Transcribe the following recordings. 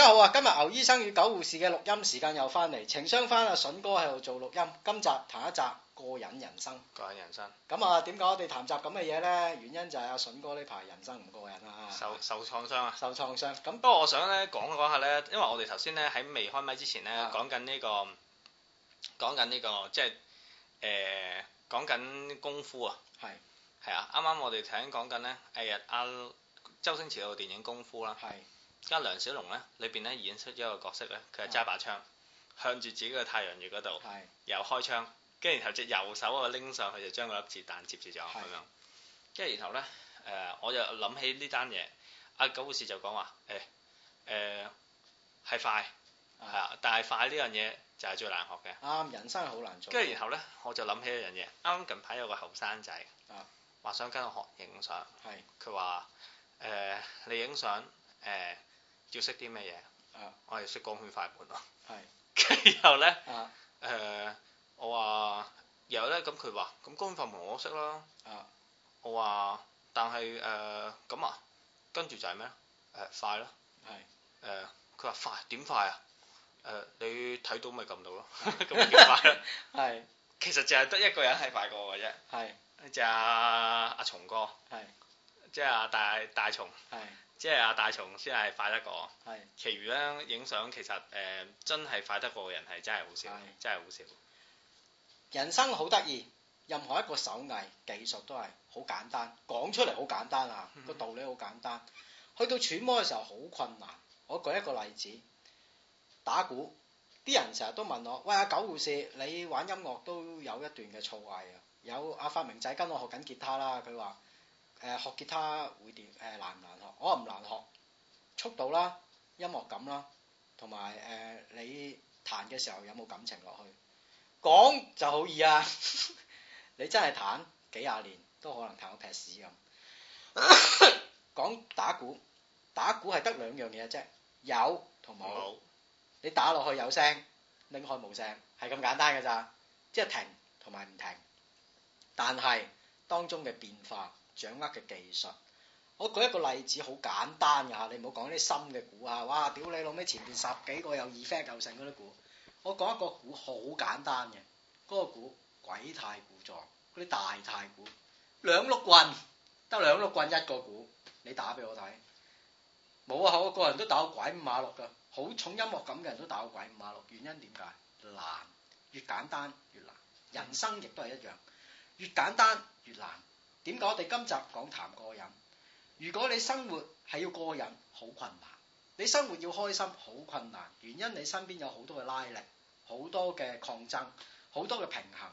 大家好啊！今日牛醫生與狗護士嘅錄音時間又翻嚟，情商翻阿笋哥喺度做錄音。今集談一集過癮人，人生。過癮人，人生。咁啊，點解我哋談集咁嘅嘢呢？原因就係阿笋哥呢排人生唔過癮啊！受受創傷啊！受創傷。咁不過我想咧講下呢，講一講一講，因為我哋頭先咧喺未開麥之前咧，講緊呢個講緊呢個即係誒講緊功夫啊。係係啊！啱啱我哋頭先講緊呢，誒阿周星馳嘅電影《功夫》啦、啊。係的。的而家梁小龍咧，裏邊咧演出咗一個角色咧，佢係揸把槍向住自己嘅太陽穴嗰度，又是開槍，跟住然後隻右手啊拎上去就將個粒子彈接住咗咁樣。跟是然後咧誒、呃，我就諗起呢單嘢。阿九護士就講話誒誒係快係啊，但係快呢樣嘢就係最難學嘅。啱、哎，人生好難做。跟然後咧，我就諗起一樣嘢。啱啱近排有個後生仔啊，話想跟我學影相。係，佢話誒，你影相誒。要識啲咩嘢？啊！我係識光圈快門咯。係。跟住後咧，啊！誒，我話，然後咧，咁佢話，咁光圈快門我識啦。啊！我話，但係誒，咁啊，跟住就係咩？誒，快咯。係。誒，佢話快點快啊？誒，你睇到咪撳到咯。咁快？係。其實淨係得一個人係快過嘅啫。係。就係阿松哥。係。即係阿大大松。係。即係阿大松，先係快得過，是其餘咧，影相其實誒、呃、真係快得過嘅人係真係好少，是真係好少。人生好得意，任何一個手藝技術都係好簡單，講出嚟好簡單啊，個、嗯、道理好簡單。去到揣摩嘅時候好困難。我舉一個例子，打鼓，啲人成日都問我，喂，阿狗護士，你玩音樂都有一段嘅造詣啊？有阿發明仔跟我學緊吉他啦，佢話。誒學吉他會點？誒難唔難學？我話唔難學，速度啦、音樂感啦，同埋誒你彈嘅時候有冇感情落去，講就好易啊！ 你真係彈幾廿年都可能彈到劈屎咁。講 打鼓，打鼓係得兩樣嘢啫，有同冇？有你打落去有聲，拎開冇聲，係咁簡單㗎咋，即係停同埋唔停。但係當中嘅變化。掌握嘅技術，我舉一個例子，好簡單㗎，你唔好講啲深嘅鼓啊！哇，屌你老味，前面十幾個有二啡 f 性嗰啲鼓，我講一個鼓好簡單嘅，嗰、嗰個鼓鬼太鼓座，嗰啲大太鼓，兩碌棍，得兩碌棍一個鼓，你打俾我睇。冇啊，我個人都打到鬼五馬六㗎，好重音樂感嘅人都打到鬼五馬六，原因點解？難，越簡單越難，人生亦都係一樣，越簡單越難。點解我哋今集講談過癮？如果你生活係要過癮，好困難。你生活要開心，好困難。原因你身邊有好多嘅拉力，好多嘅抗爭，好多嘅平衡。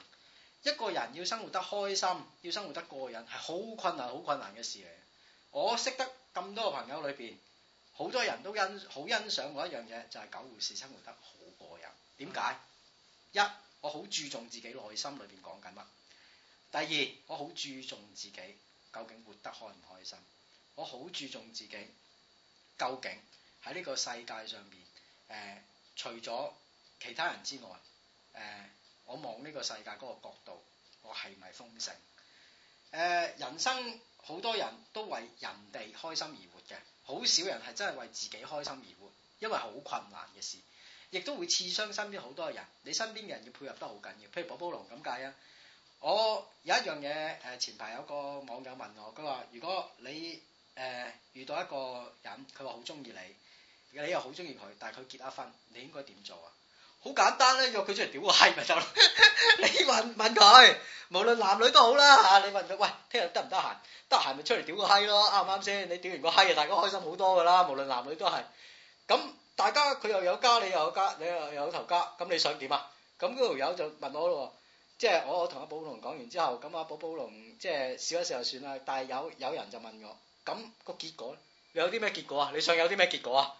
一個人要生活得開心，要生活得過癮，係好困難、好困難嘅事嚟。我識得咁多個朋友裏邊，好多人都欣好欣賞我一樣嘢，就係狗護士生活得好過癮。點解？一，我好注重自己內心裏邊講緊乜。第二，我好注重自己究竟活得開唔開心。我好注重自己究竟喺呢個世界上面，誒、呃、除咗其他人之外，誒、呃、我望呢個世界嗰個角度，我係咪豐盛？誒、呃、人生好多人都為人哋開心而活嘅，好少人係真係為自己開心而活，因為好困難嘅事，亦都會刺傷身邊好多人。你身邊嘅人要配合得好緊要，譬如寶寶龍咁解啊。我有一樣嘢誒，前排有個網友問我，佢話：如果你誒、呃、遇到一個人，佢話好中意你，你又好中意佢，但係佢結咗婚，你應該點做啊？好簡單咧，約佢出嚟屌個閪咪就。 你問問佢，無論男女都好啦嚇，你問佢喂，聽日得唔得閒？得閒咪出嚟屌個閪咯，啱唔啱先？你屌完個閪啊，大家開心好多㗎啦，無論男女都係。咁大家佢又有家，你又有家，你又有頭家，咁你，你想點啊？咁嗰條友就問我咯。即係我我同阿寶寶龍講完之後，咁阿寶寶龍即係笑一笑就算啦。但係有有人就問我，咁、那個結果咧，有啲咩結果啊？你想有啲咩結果啊？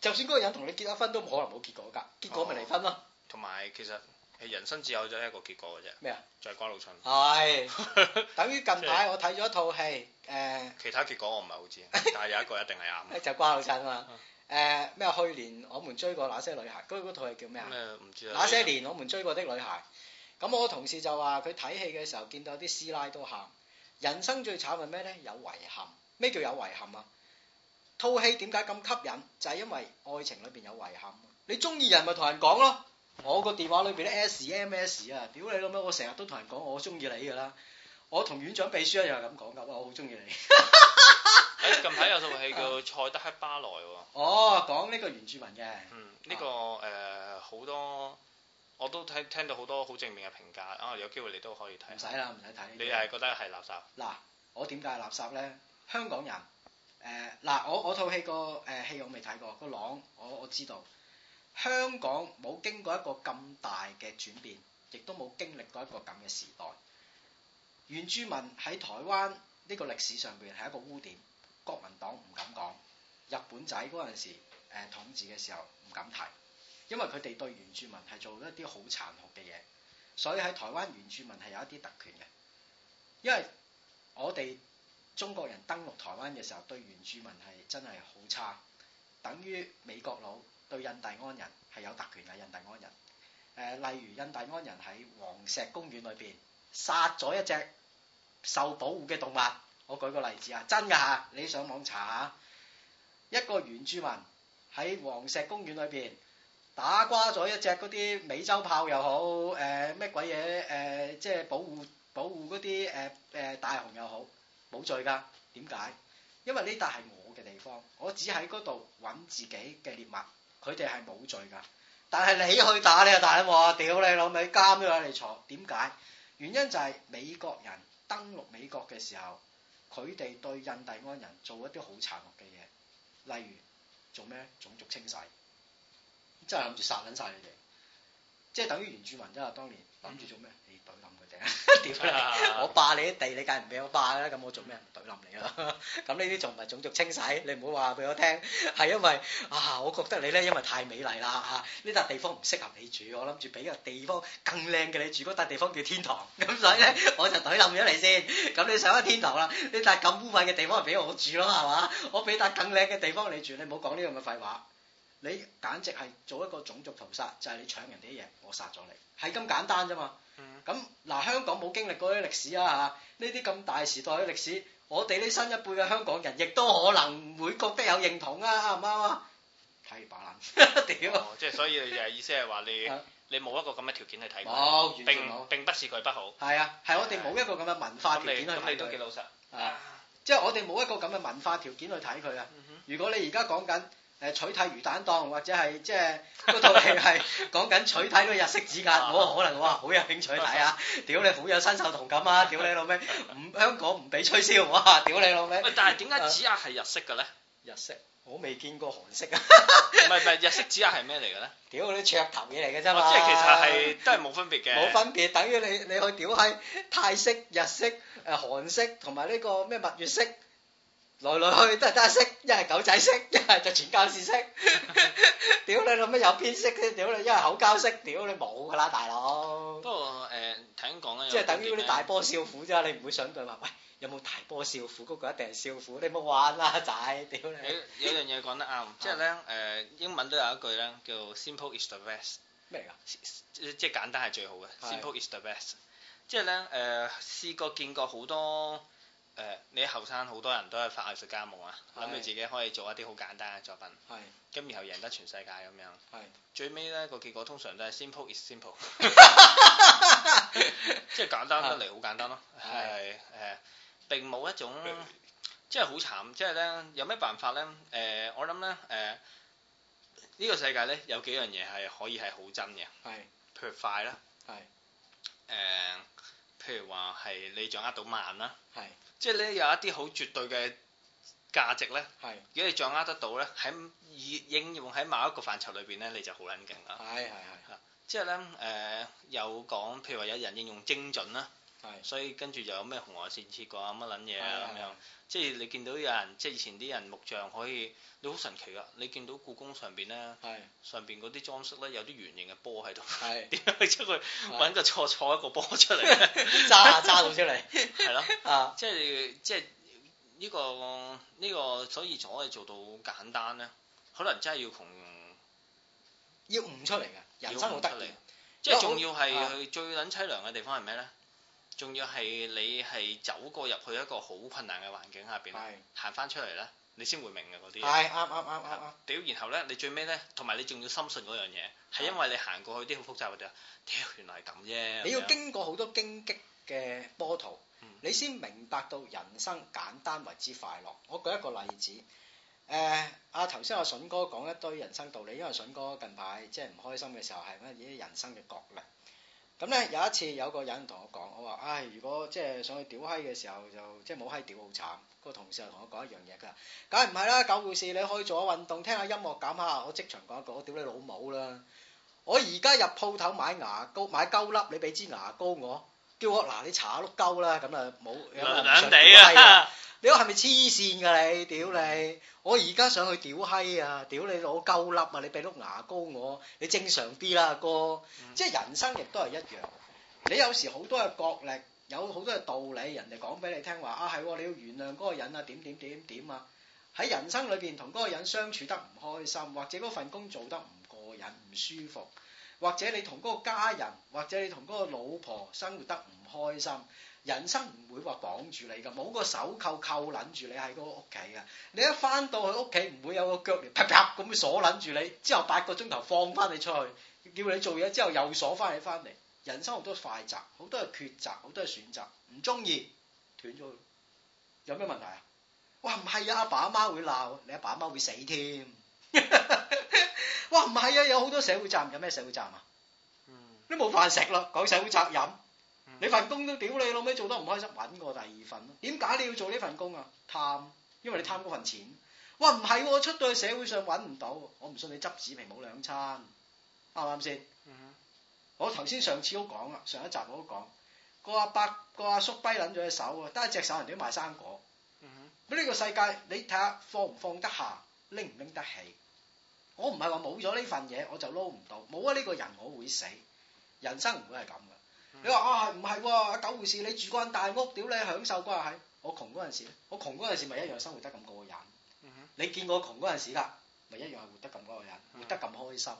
就算嗰個人同你結咗婚，都可能冇結果噶，結果咪離婚咯。同埋、哦、其實人生只有咗一個結果嘅啫。咩啊麼？就係瓜老襯。係、哎。 等於近排我睇咗一套戲誒。以呃、其他結果我唔係好知， 但係有一個一定係啱。就瓜老襯啊嘛！誒、 呃，咩？去年我們追過那些女孩，嗰套戲叫咩啊？唔知啊？那些年我們追過的女孩。咁我同事就話佢睇戲嘅時候見到啲師奶都喊，人生最慘係咩咧？有遺憾，咩叫有遺憾啊？套戲點解咁吸引？就係、是、因為愛情裏邊有遺憾。你中意人咪同人講咯，我個電話裏邊啲 S M S 啊，屌你老咩，我成日都同人講我中意你噶啦，我同院長秘書又係咁講噶啦，我好中意你。哎， 近排有套戲叫《賽德克巴萊》喎。 哦，講呢個原住民嘅。嗯、呢、這個誒好、呃、多。我都睇聽，聽到好多好正面嘅評價，可、啊、有機會你都可以睇。唔使啦，唔使睇。你係覺得係垃圾？嗱，我點解係垃圾咧？香港人，誒、呃、嗱，我我套戲個誒戲我未睇過，那個朗我我知道。香港冇經過一個咁大嘅轉變，亦都冇經歷過一個咁嘅時代。原住民喺台灣呢個歷史上邊係一個污點，國民黨唔敢講，日本仔嗰陣時誒、呃、統治嘅時候唔敢提。因為佢哋對原住民係做一啲好殘酷嘅嘢，所以喺台灣原住民係有一啲特權嘅。因為我哋中國人登陸台灣嘅時候，對原住民係真係好差，等於美國佬對印第安人係有特權嘅！印第安人誒、呃，例如印第安人喺黃石公園裏邊殺咗一隻受保護嘅動物，我舉個例子啊，真㗎嚇，你上網查下，一個原住民喺黃石公園裏邊。打瓜咗一隻嗰啲美洲豹又好，誒咩鬼嘢誒，即係保護保護嗰啲誒誒大熊又好，冇罪噶。點解？因為呢笪係我嘅地方，我只喺嗰度揾自己嘅獵物，佢哋係冇罪噶。但係你去打呢個大亨，我屌你老味，監咗你坐。點解？原因就係美國人登陸美國嘅時候，佢哋對印第安人做一啲好殘酷嘅嘢，例如做咩種族清洗。真係諗住殺捻晒你哋，即係等於原住民啫嘛！當年諗住做咩？懟冧佢哋，點啦？我霸你啲地，你梗係唔俾我霸啦？咁我做咩唔懟冧你啊？咁呢啲仲唔係種族清洗？你唔好話俾我聽，係因為啊，我覺得你咧，因為太美麗啦吓，呢笪地方唔適合你住，我諗住俾個地方更靚嘅你住，嗰笪地方叫天堂，咁所以咧，我就懟冧咗你先。咁你上咗天堂啦，呢笪咁污穢嘅地方俾我住咯，係嘛？我俾笪更靚嘅地方你住，你唔好講呢樣嘅廢話。你簡直係做一個種族屠殺，就係你搶人哋啲嘢，我殺咗你，係咁簡單啫嘛。咁嗱，香港冇經歷過啲歷史啊嚇，呢啲咁大時代嘅歷史，我哋呢新一輩嘅香港人亦都可能會覺得有認同啊，啱唔啱啊？睇把爛屌，即係所以你就係意思係話你你冇一個咁嘅條件去睇佢，並並不是佢不好。係啊，係我哋冇一個咁嘅文化條件去睇佢啊。即係我哋冇一個咁嘅文化條件去睇佢啊。如果你而家講緊。誒，取締魚蛋檔或者係即係嗰套戲係講緊取締嗰個日式指壓，我可能哇！好有興趣睇啊！屌你，好有新手同感啊！屌你老味，唔香港唔俾吹簫哇！屌你老味。但係點解指壓係日式嘅咧？日式，我未見過韓式啊！唔係唔係，日式指壓係咩嚟嘅咧？屌，啲噱頭嘢嚟嘅啫嘛。即係其實係都係冇分別嘅。冇分別，等於你你去屌喺泰式、日式、誒韓式同埋呢個咩蜜月式。來來去都係得識，一係狗仔識，一係就傳教士識。屌你諗咩？有邊識啫？屌你，一係口交識，屌你冇噶啦，大佬。不過誒，聽講咧，即係等於啲大波少婦啫，麼你唔會想對話喂，有冇大波少婦？嗰、那個一定係少婦，你冇玩啦、啊，仔。屌你有。有有樣嘢講得啱， 即係咧，誒、呃，英文都有一句咧，叫 “simple is the best” 么。咩嚟噶？即係簡單係最好嘅，simple is the best。的即係咧，誒，試過、呃、見過好多。你後生好多人都係發藝術家夢啊，諗住自己可以做一啲好簡單嘅作品，咁然後贏得全世界咁樣。係，最尾咧，嗰個結果通常都係 simple is simple，即係簡單得嚟好簡單咯。係誒，並冇一種即係好慘，即係咧有咩辦法咧？誒，我諗咧誒，呢個世界咧有幾樣嘢係可以係好真嘅。係，譬如快啦。係。誒，譬如話係你掌握到慢啦。係。即係咧有一啲好絕對嘅價值咧，係是，如果你掌握得到咧，喺以應用喺某一個範疇裏邊咧，你就好撚勁啦。係，係，係，吓，即係咧，誒，有講譬如話有人應用精準啦。係，所以跟住又有咩紅外線切割啊，乜撚嘢啊咁樣，即係你見到有人，即係以前啲人木匠可以，你好神奇噶，你見到故宮上邊咧，上邊嗰啲裝飾咧有啲圓形嘅波喺度，點解佢出去揾個錯錯一個波出嚟，揸揸到出嚟，係咯，啊，即係即係呢個呢個，所以就可以做到好簡單咧，可能真係要窮要悟出嚟嘅，人生好得意，即係仲要係佢最撚凄涼嘅地方係咩咧？仲要係你係走過入去一個好困難嘅環境下邊，行翻的出嚟咧，你先會明嘅嗰啲。係啱啱啱啱啱。屌，然後咧，你最尾咧，同埋你仲要深信嗰樣嘢，係對因為你行過去啲好複雜嘅嘢，屌對原來係咁啫。你要經過好多荊棘嘅波濤，嗯、你先明白到人生簡單為之快樂。我舉一個例子，誒、呃，阿頭先阿筍哥講一堆人生道理，因為筍哥近排即係唔開心嘅時候係乜嘢？人生嘅角力。咁咧有一次有一個人同我講，我話，唉，如果即係想去屌閪嘅時候，就即係冇閪屌好慘。個同事又同我講一樣嘢㗎，梗係唔係啦？狗護士，你可以做下運動，聽下音樂減下。我即場講一個，我屌你老母啦！我而家入鋪頭買牙膏買鳩粒，你俾支牙膏我，叫我嗱你搽下碌鳩啦，咁啊冇，涼涼地啊！ 你話係咪黐線㗎你？屌你！我而家上去屌閪啊！屌你老鳩粒啊！你鼻碌牙膏我！你正常啲啦，啊，哥。嗯、即係人生亦都係一樣。你有時好多嘅角力，有好多嘅道理，人哋講俾你聽話啊，係、啊、你要原諒嗰個人啊，點點點點啊。喺人生裏邊同嗰個人相處得唔開心，或者嗰份工做得唔過癮、唔舒服，或者你同嗰個家人，或者你同嗰個老婆生活得唔開心。人生唔會話綁住你噶，冇個手扣扣捻住你喺嗰個屋企噶。你一翻到去屋企，唔會有個腳鏈啪啪咁鎖捻住你，之後八個鐘頭放翻你出去，叫你做嘢，之後又鎖翻你翻嚟。人生好多抉擇，好多係抉擇，好多係選擇，唔中意斷咗。有咩問題啊？哇，唔係啊，阿爸阿媽會鬧，你阿爸阿媽會死添。 哇，唔係啊，有好多社會責任，有咩社會責任啊？你冇飯食啦，講社會責任。你份工都屌你老味，做得唔開心，揾個第二份咯。點解你要做呢份工啊？貪，因為你貪嗰份錢。哇，唔係，我出到去社會上揾唔到，我唔信你執紙皮冇兩餐，啱唔啱先？嗯、哼我頭先上次都講啦，上一集我都講，個阿伯個阿叔跛撚咗隻手喎，得一隻手人哋賣生果。咁呢、嗯、哼個世界，你睇下放唔放得下，拎唔拎得起？我唔係話冇咗呢份嘢我就撈唔到，冇咗呢個人我會死，人生唔會係咁噶。你話啊，唔係喎，九護士，你住間大屋，屌你享受關係。我窮嗰陣時咧，我窮嗰陣時咪一樣生活得咁過癮。嗯、哼你見過我窮嗰陣時啦，咪一樣係活得咁過癮，嗯、哼活得咁開心。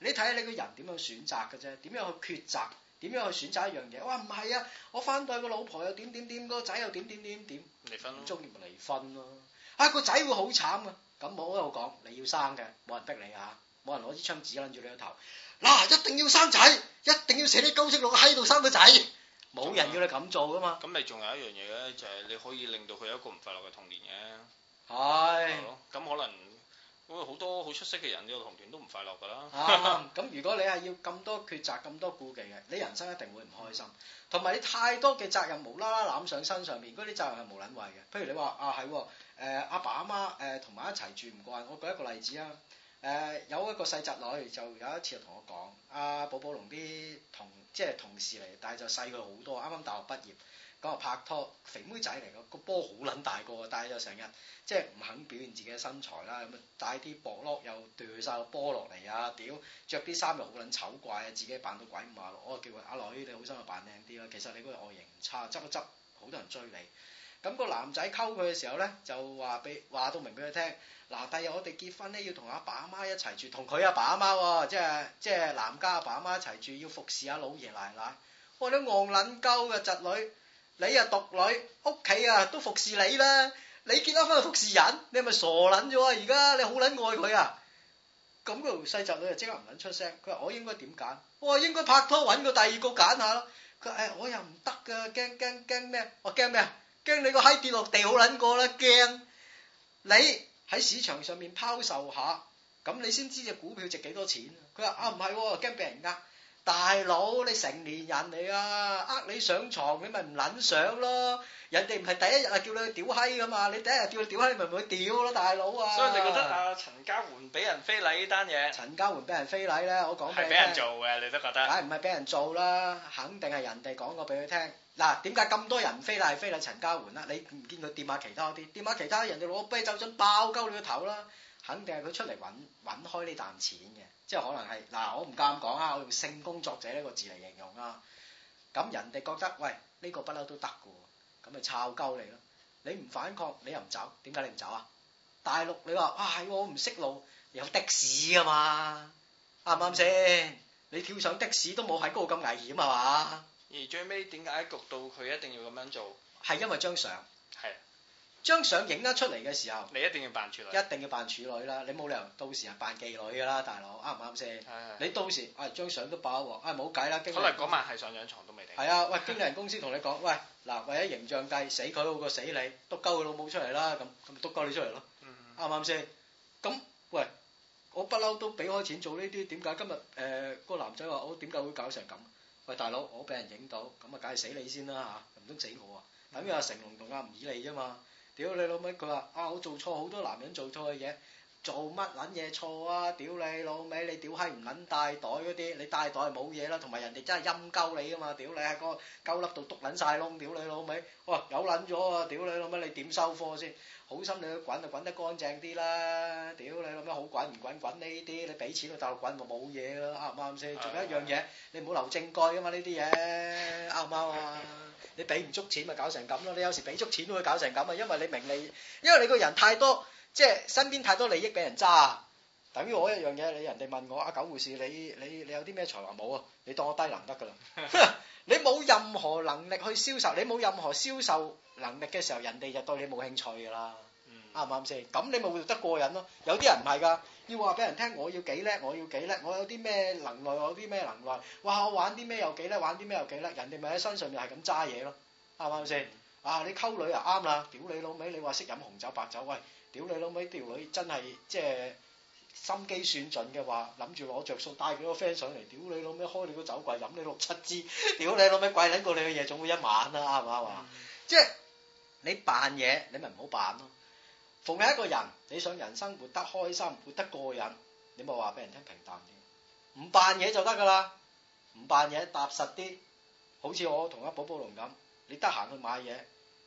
你睇下你個人點樣選擇嘅啫，點樣去抉擇，點樣去選擇一樣嘢。哇、啊，唔係啊，我反對個老婆又點點點，個仔又點點點點，離婚，中意咪離婚咯。啊，個仔會好慘啊。咁我喺度講，你要生嘅，冇人逼你啊。冇人攞支槍指撚住你個頭，嗱，一定要生仔，一定要寫啲高息落喺度生個仔，冇人要你咁做噶嘛。咁你仲有一樣嘢咧，就係、是、你可以令到佢有一個唔快樂嘅童年嘅。係是，咁可能，咁好多好出色嘅人呢都童年都唔快樂噶啦。咁、嗯、如果你係要咁多抉擇咁多顧忌嘅，你人生一定會唔開心。同埋你太多嘅責任無啦啦攬上身上面。嗰啲責任係無撚謂嘅。譬如你話啊係，誒阿爸阿媽誒同埋一齊住唔慣，我舉一個例子啊。誒、呃、有一個細侄女，就有一次就同我講，阿、啊、寶寶龍啲同即係同事嚟，但係就細佢好多，啱啱大學畢業，講話拍拖，肥妹仔嚟個，個波好撚大個，但係就成日即係唔肯表現自己嘅身材啦，咁啊帶啲薄褸又掉晒個波落嚟啊，屌着啲衫又好撚醜怪啊，自己扮到鬼咁話，我叫佢阿女，你好心啊，扮靚啲啊，其實你嗰個外形唔差，執一執好多人追你。咁個男仔溝佢嘅時候咧，就話俾話到明俾佢聽。嗱，第日我哋結婚咧，要同阿爸阿媽一齊住，同佢阿爸阿媽喎，即係即係男家阿爸阿媽一齊住，要服侍阿老爺奶奶。我話你戇撚鳩嘅侄女，你啊獨女，屋企啊都服侍你啦。你結咗婚去服侍人，你係咪傻撚咗？而家你好撚愛佢啊！咁個細侄女就即刻唔撚出聲。佢話我應該點揀？我話應該拍拖揾個第二個揀下咯。佢話誒，我又唔得㗎，驚驚驚咩？我驚咩啊？驚你個閪跌落地好捻過啦，驚你喺市場上面拋售下，咁你先知隻股票值幾多錢、啊。佢話啊，唔係驚俾人呃，大佬你成年人嚟啊，呃你上床你咪唔捻上咯。人哋唔係第一日啊叫你去屌閪噶嘛，你第一日叫你屌閪咪唔會屌咯、啊，大佬啊。所以你覺得啊，陳嘉桓俾人，人非禮呢單嘢？陳嘉桓俾人非禮咧，我講係俾人做嘅，你都覺得？梗係唔係俾人做啦，肯定係人哋講過俾佢聽。嗱，點解咁多人飛啦？係飛啦，陳嘉桓啦、啊，你唔見佢掂下其他啲，掂下其他人哋攞啤酒樽爆鳩你個頭啦，肯定係佢出嚟揾揾開呢啖錢嘅，即係可能係嗱，我唔夠膽講啊，我用性工作者呢個字嚟形容啊，咁人哋覺得喂呢、這個不嬲都得噶喎，咁咪抄鳩你咯，你唔反抗你又唔走，點解你唔走陸你啊？大陸你話啊係我唔識路，有的士噶嘛，啱唔啱先？你跳上的士都冇喺嗰個咁危險係嘛？而最尾點解焗到佢一定要咁樣做？係因為張相。係。張相影得出嚟嘅時候，你一定要扮處女。一定要扮處女啦，你冇理由到時係扮妓女㗎啦，大佬啱唔啱先？你到時誒張相都爆咗喎，誒冇計啦！可能嗰晚係上兩床都未定。係啊，喂，經理人公司同你講，喂嗱，為咗形象計，死佢好過死你，督鳩佢老母出嚟啦，咁咁督鳩你出嚟咯。啱唔啱先？咁喂，我不嬲都俾開錢做呢啲，點解今日誒個男仔話我點解會搞成咁？喂，大佬，我俾人影到，咁啊，梗係死你先啦吓？唔通、嗯、死我啊？等於阿成龍同阿吳綺莉啫嘛，屌你老母！佢話啊，我做錯好多男人做錯嘅嘢。做乜撚嘢錯啊！屌你老味，你屌閪唔撚帶袋嗰啲，你帶袋係冇嘢啦。同埋人哋真係陰鳩你啊嘛！屌你啊！個鳩粒度篤撚晒窿，屌你老味！哇有撚咗啊！屌你老味，你點收貨先？好心你去滾就滾得乾淨啲啦！屌你老味，好滾唔滾？滾呢啲你俾錢去大陸滾咪冇嘢咯，啱唔啱先？仲有一樣嘢，你唔好留證據噶嘛呢啲嘢，啱唔啱啊？你俾唔足錢咪搞成咁咯？你有時俾足錢都會搞成咁啊，因為你名利，因為你個人太多。即係身邊太多利益俾人揸，啊，等於我一樣嘢。你人哋問我阿九，啊、護士，你你你有啲咩才華冇啊？你當我低能得噶啦！ 你冇任何能力去銷售，你冇任何銷售能力嘅時候，人哋就對你冇興趣噶啦。啱唔啱先？咁你咪會得過癮咯。有啲人唔係噶，要話俾人聽，我要幾叻，我要幾叻，我有啲咩能耐，我有啲咩能耐。哇！我玩啲咩又幾叻，玩啲咩又幾叻，人哋咪喺身上面係咁揸嘢咯。啱唔啱先？啊！你溝女又啱啦，屌你老味！你話識飲紅酒白酒，喂！屌你老味！屌你真係即係心機算盡嘅話，諗住攞着數帶幾個 friend 上嚟，屌你老味！開你個酒櫃飲你六七支，屌你老味！貴撚過你嘅夜總會一晚啦，啱唔啱呀？嗯、即係你扮嘢，你咪唔好扮咯。逢係一個人，你想人生活得開心、活得過癮，你咪話俾人聽平淡啲，唔扮嘢就得噶啦，唔扮嘢踏實啲。好似我同阿寶寶龍咁，你得閒去買嘢。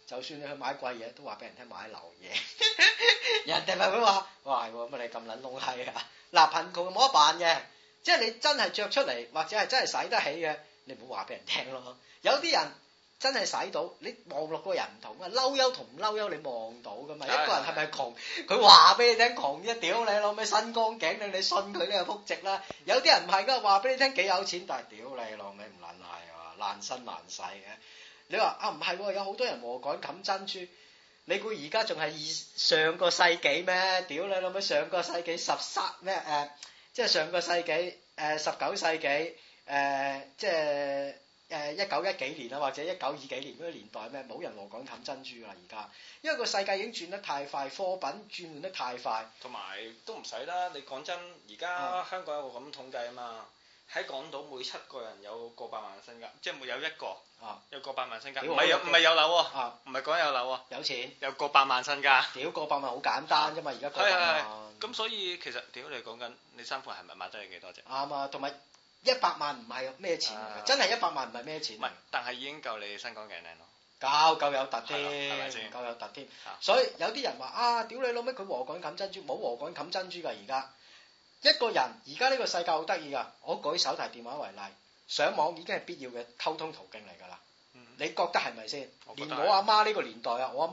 就算你去買貴嘢，都話俾人聽買流嘢， 人哋咪會話：哇，乜你咁撚窿閪啊？嗱，貧窮冇得辦嘅，即係你真係着出嚟，或者係真係使得起嘅，你唔好話俾人聽咯。有啲人真係使到，你望落個人唔同啊，嬲優同唔嬲優，你望到噶嘛？一個人係咪窮，佢話俾你聽窮啫。屌你老味，身光頸靚，你信佢你就仆直啦。有啲人唔係噶，話俾你聽幾有錢，但係屌你老味唔撚係啊，爛身爛世嘅。你話啊，唔係有好多人羅趕冚珍珠？你估而家仲係二上個世紀咩？屌你老味，上個世紀十三咩？誒、呃，即係上個世紀誒十九世紀誒、呃，即係誒一九一幾年啦，或者一九二幾年嗰個年代咩？冇人羅趕冚珍珠啦，而家，因為個世界已經轉得太快，貨品轉換得太快，同埋都唔使啦。你講真，而家香港有個咁統計啊嘛。嗯喺港島每七個人有過百萬嘅身家，即係每有一個有過百萬身家。唔係，唔係有樓，唔係講緊有樓。有錢有過百萬身家。屌過百萬好簡單啫嘛，而家咁，所以其實屌你講緊你三款係咪買得你幾多隻？啱啊，同埋一百萬唔係咩錢，真係一百萬唔係咩錢。唔係，但係已經夠你新港人靚咯。夠夠有特添，夠有特添。所以有啲人話啊，屌你老味，佢禾稈冚珍珠，冇禾稈冚珍珠㗎而家。一個人而家呢個世界好得意㗎，我舉手提電話為例，上網已經係必要嘅溝通途徑嚟㗎啦。嗯、你覺得係咪先？我連我阿媽呢個年代媽媽啊，我阿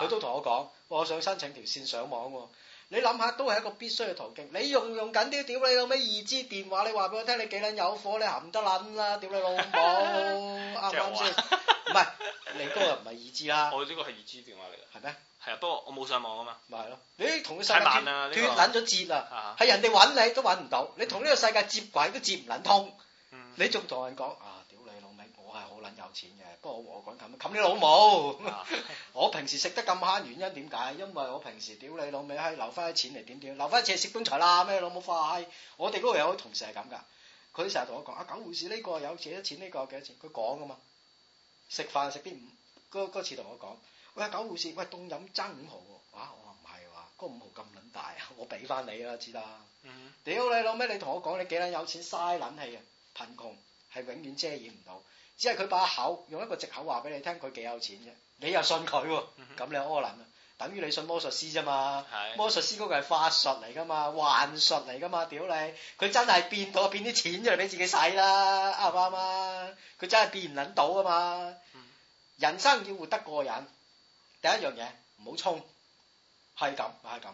媽佢都同我講，我想申請條線上網喎。你諗下，都係一個必須嘅途徑。你用用緊啲屌你用咩二 G 電話？你話俾我聽，你幾撚有火？你含得撚啦！屌你老母啱唔啱先？唔係、 啊，你呢、啊、個唔係二 G 啦。我呢個係二 G 電話嚟嘅，係咩？係啊，不過我冇上網啊嘛，咪係咯。你同佢生脱捻咗節啦，係人哋揾你都揾唔到，你同呢個世界接軌都接唔捻通。你仲同人講啊，屌你老味，我係好捻有錢嘅，不過我我講冚冚你老母， 我平時食得咁慳，原因點解？因為我平時屌你老味係留翻啲錢嚟點點，留翻啲錢食棺材啦咩老母化。我哋嗰度有同事係咁噶，佢成日同我講啊，狗護士呢個有幾多錢，呢個幾多錢，佢講噶嘛。食飯食啲五嗰次同我講。喂，狗護士，喂凍飲爭五毫喎，啊，我話唔係話，嗰五毫咁撚大，我俾翻你啦，知啦。屌、mm hmm. 你老咩！你同我講你幾捻有錢，嘥捻氣啊！貧窮係永遠遮掩唔到，只係佢把口用一個借口話俾你聽佢幾有錢啫，你又信佢、啊，咁、mm hmm. 你屙撚啊，等於你信魔術師啫嘛。Mm hmm. 魔術師嗰個係法術嚟噶嘛，幻術嚟噶嘛，屌你，佢真係變到變啲錢出嚟俾自己使啦，啱唔啱啊？佢真係變唔捻到噶嘛。Mm hmm. 人生要活得過癮。第一樣嘢唔好衝，係咁，係咁，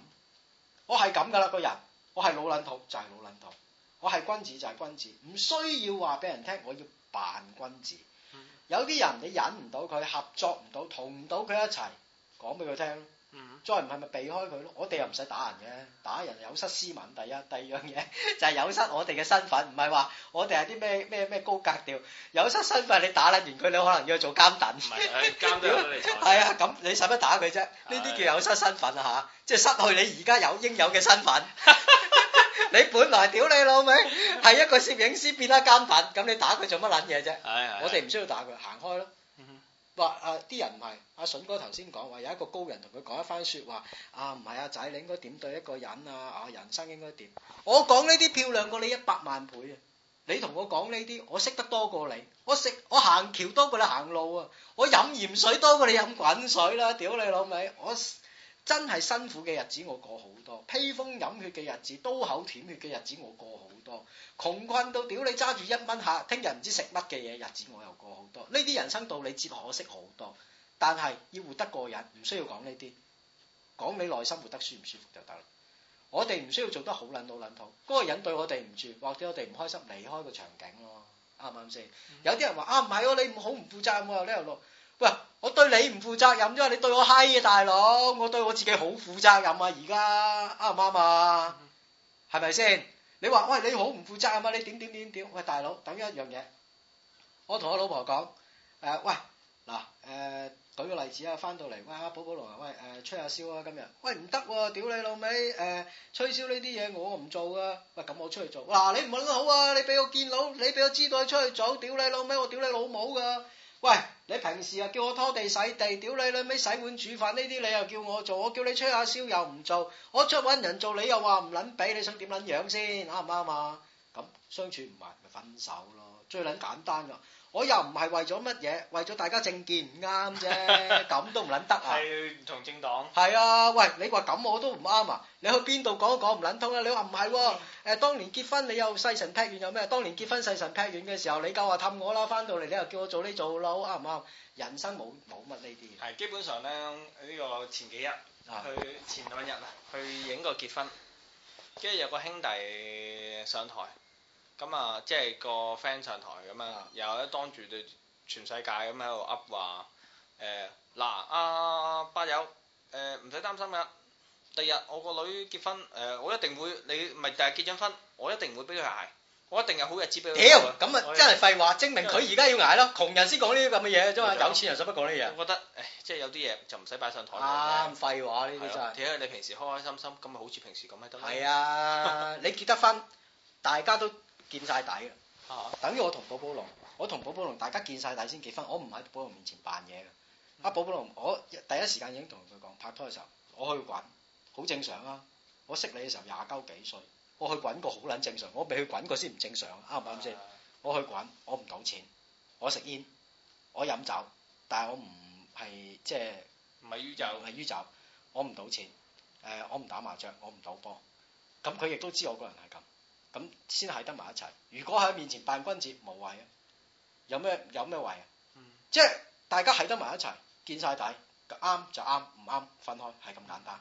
我係咁㗎喇，個人，我係老撚土就係、是、老撚土，我係君子就係君子，唔需要話俾人聽我要扮君子。君子，嗯、有啲人你忍唔到佢，合作唔到，同唔到佢一齊，講俾佢聽。再唔係咪避開佢咯？我哋又唔使打人嘅，打人有失斯文。第一，第二樣嘢就係有失我哋嘅身份，唔係話我哋係啲咩咩咩高格調，有失身份你打撚完佢，你可能要去做監躉。係係監躉，係啊，咁你使乜打佢啫？呢啲叫有失身份啊吓，即係失去你而家有應有嘅身份。 你本來屌你老味，係一個攝影師變咗監躉，咁、啊、你打佢做乜撚嘢啫？ 啊啊啊、我哋唔需要打佢，行開咯。話啊！啲人唔係阿筍哥頭先講話，有一個高人同佢講一番說話啊！唔係阿仔，你應該點對一個人啊？啊，人生應該點？我講呢啲漂亮過你一百萬倍啊！你同我講呢啲，我識得多過你。我食我行橋多過你行路啊！我飲鹽水多過你飲滾水啦、啊！屌你老味，我。真係辛苦嘅日子我過好多，披風飲血嘅日子，刀口舔血嘅日子我過好多，窮困到屌你揸住一蚊客，聽日唔知食乜嘅嘢日子我又過好多，呢啲人生道理只可惜好多，但係要活得過癮，唔需要講呢啲，講你內心活得舒唔舒服就得啦。我哋唔需要做得好撚到撚到，嗰、那個人對我哋唔住，或者我哋唔開心，離開個場景咯，啱唔啱先？嗯、有啲人話啊，唔係、啊，你好唔負責喎呢條路，喂。我對你唔負責任，因為你對我嗨啊，大佬！我對我自己好負責任啊，而家啱唔啱啊？係咪先？你話喂你好唔負責任啊？你點點點點，點？喂大佬，等於一樣嘢。我同我老婆講誒、呃，喂嗱誒、呃，舉個例子啊，翻到嚟喂，寶寶龍啊，喂誒、呃呃，吹下燒啊，今日喂唔得喎，屌、啊、你老味，誒、呃，吹燒呢啲嘢我唔做噶，喂咁我出去做嗱、呃，你唔好啊，好啊，你俾我見到，你俾我知道你出去做，屌你老味，我屌你老母噶！喂，你平時又、啊、叫我拖地洗地，屌你老味洗碗煮飯呢啲你又叫我做，我叫你吹下簫又唔做，我出揾人做你又話唔撚俾，你想點撚樣先啱唔啱啊？咁相處唔埋咪分手咯，最撚簡單㗎。我又唔係為咗乜嘢，為咗大家政見唔啱啫，咁都唔撚得啊！係唔同政黨。係啊，喂，你話咁我都唔啱啊！你去邊度講講唔撚通啦、啊？你話唔係喎，誒、嗯，當年結婚你又誓神劈願有咩？當年結婚誓神劈願嘅時候，你夠話氹我啦，翻到嚟你又叫我做呢做佬，啱唔啱？人生冇冇乜呢啲。係基本上咧，呢、呢個前幾日去前兩日啦，去影個結婚，跟住有個兄弟上台。咁啊，即係個 friend 上台咁啊，又一當住對全世界咁喺度噏話，誒嗱阿八友，誒唔使擔心噶，第日我個女結婚，誒我一定會你咪第日結咗婚，我一定唔會俾佢挨，我一定有好日子俾佢。屌咁啊，真係廢話，證明佢而家要挨咯，窮人先講呢啲咁嘅嘢啫嘛，有錢人使乜講呢嘢？我覺得誒，即係有啲嘢就唔使擺上台嚟。啱廢話呢啲就。而且你平時開開心心，咁啊好似平時咁咪得咯。係啊，你結得婚，大家都。見晒底啦，等於我同寶寶龍，我同寶寶龍大家見晒底先結婚，我唔喺寶龍面前扮嘢嘅。啊、嗯，寶寶龍，我第一時間已經同佢講，拍拖嘅時候，我去滾，好正常啊。我識你嘅時候廿九幾歲，我去滾過好撚正常，我未去滾過先唔正常，啱唔啱先？我去滾，我唔賭錢，我食煙，我飲酒，酒，但係我唔係即係唔係於酒係於酒，我唔賭錢，誒、呃、我唔打麻雀，我唔賭波，咁佢亦都知我個人係咁。咁先喺得埋一齊。如果喺面前扮君子無謂呀，有咩有咩為呀？嗯，即係大家喺得埋一齊，見晒底，啱就啱，唔啱分開，係咁簡單。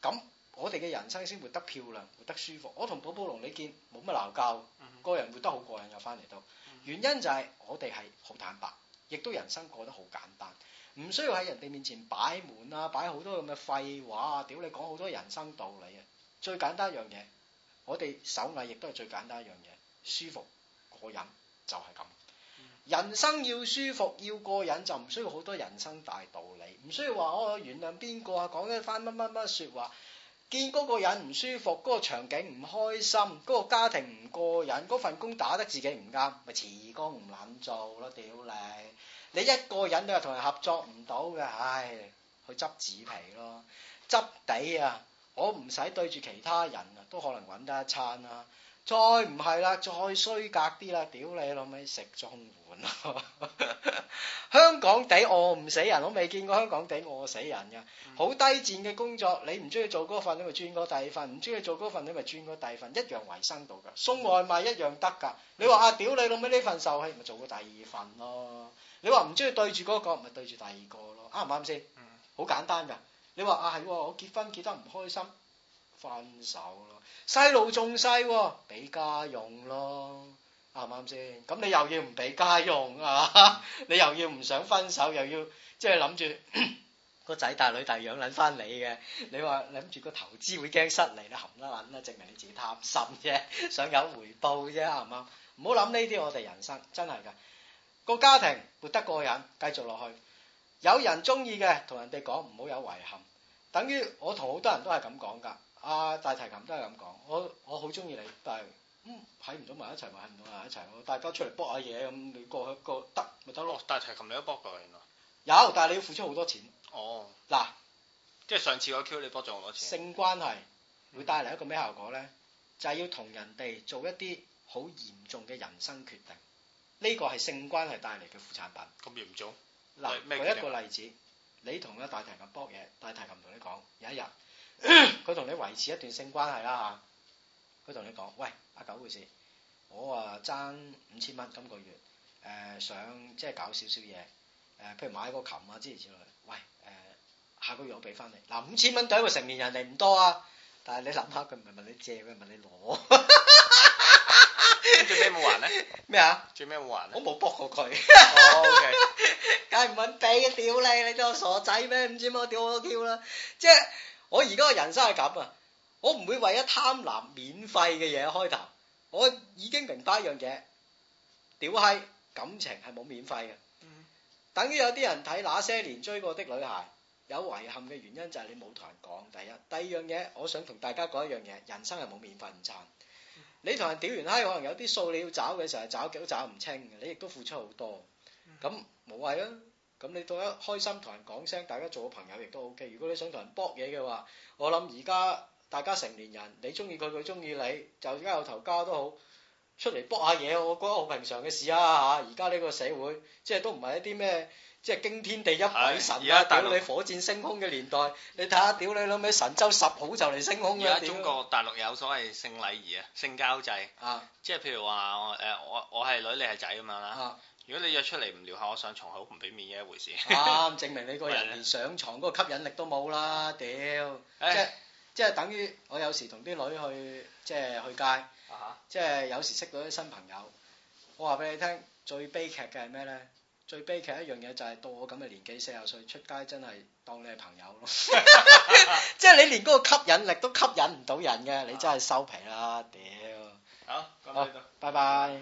咁我哋嘅人生先活得漂亮，活得舒服。我同寶寶龍你見冇乜鬧交，個人活得好過癮又翻嚟到。原因就係我哋係好坦白，亦都人生過得好簡單，唔需要喺人哋面前擺滿呀，擺好多咁嘅廢話啊！屌你，講好多人生道理啊，最簡單一樣嘢。我哋手藝亦都係最簡單一樣嘢，舒服過癮就係咁。人生要舒服要過癮，就唔需要好多人生大道理，唔需要話我、哦、原諒邊個啊，講一翻乜乜乜説話。見嗰個人唔舒服，嗰個場景唔開心，嗰個家庭唔過癮，嗰份工打得自己唔啱，咪辭工唔撚做咯，屌你！你一個人你又同人合作唔到嘅，唉，去執紙皮咯，執地啊！我唔使對住其他人啊，都可能揾得一餐啦。再唔係啦，再衰格啲啦，屌你老味食仲碗咯！ 香港地餓唔死人，我未見過香港地餓死人嘅。好、嗯、低賤嘅工作，你唔中意做嗰份，你咪轉過第二份；唔中意做嗰份，你咪轉個，個，個第二份，一樣維生到噶。送外賣一樣得噶。你話啊，屌你老味呢份受氣，咪做過第二份咯。你話唔中意對住嗰、嗰個，咪對住第二個咯，啱唔啱先？嗯，好簡單噶。你話啊，係、啊，我結婚結得唔開心，分手咯。細路仲細，俾家用咯，啱唔啱先？咁你又要唔俾家用啊？你又要唔想分手，又要即係諗住個仔大女大養捻翻你嘅？你話諗住個投資會驚失利，你含得捻啊？證明你自己貪心啫，想有回報啫，啱唔啱？唔好諗呢啲，我哋人生真係噶個家庭活得過癮，繼續落去。有人中意嘅，同人哋講，唔好有遺憾，等於我同好多人都係咁講噶。阿、啊、大提琴都係咁講，我我好中意你，但係嗯睇，唔到埋一齊咪睇唔到埋一齊咯。大家出嚟搏下嘢，咁，你過佢過得咪得咯。大提琴你都搏過，原來有，但係你要付出好多錢。哦，嗱喏，即係上次我 Q 你搏咗好多錢。性關係會帶嚟一個咩效果咧？嗯、就係要同人哋做一啲好嚴重嘅人生決定，呢個係性關係帶嚟嘅副產品。咁嚴重？嗱，一個例子，你同阿大提琴扑嘢，大提琴同你講有一日，佢、呃、同你維持一段性關係啦嚇，佢、啊、同你講，喂，阿九回事，我啊爭五千蚊今個月，誒、呃、想即係搞少少嘢，誒、呃、譬如買一個琴啊之類、之類，喂，誒、呃、下個月我俾翻你，嗱、呃、五千蚊對一個成年人嚟唔多啊，但係你諗下，佢唔係問你借，佢問你攞，咁做咩？冇還咧，咩啊？做咩？冇還？我冇扑過佢。梗係唔揾，屌你你當我傻仔咩？唔知乜屌我都屌啦！即係我而家嘅人生係咁啊！我唔會為咗貪婪免費嘅嘢開頭，我已經明白一樣嘢，屌閪感情係冇免費嘅。等於有啲人睇那些年追過的女孩有遺憾嘅原因就係你冇同人講，第一，第二樣嘢我想同大家講一樣嘢，人生係冇免費午餐。你同人屌完閪，可能有啲數你要找嘅時候找極都找唔清嘅，你亦都付出好多咁。冇係啊，咁你大家開心同人講聲，大家做個朋友亦都 OK。如果你想同人搏嘢嘅話，我諗而家大家成年人，你中意佢佢中意你，就家有頭家都好，出嚟搏下嘢，我覺得好平常嘅事啊嚇！而家呢個社會，即係都唔係一啲咩，即係驚天地泣鬼神啊！屌你火箭升空嘅年代，你睇下屌你諗起神舟十號就嚟升空嘅點？而家中國大陸有所謂性禮儀啊，性交際啊，即係譬如話誒，我我係女你係仔咁樣啦。啊啊。如果你約出嚟唔聊下，我上床好唔俾面嘅一回事。啱，證明你個人連上床嗰個吸引力都冇啦，屌！即即等於我有時同啲女去即係去街，即係有時識到啲新朋友。我話俾你聽，最悲劇嘅係咩呢？最悲劇一樣嘢就係到我咁嘅年紀四十歲出街，真係當你係朋友咯。即係你連嗰個吸引力都吸引唔到人嘅，你真係收皮啦，屌！好，拜拜。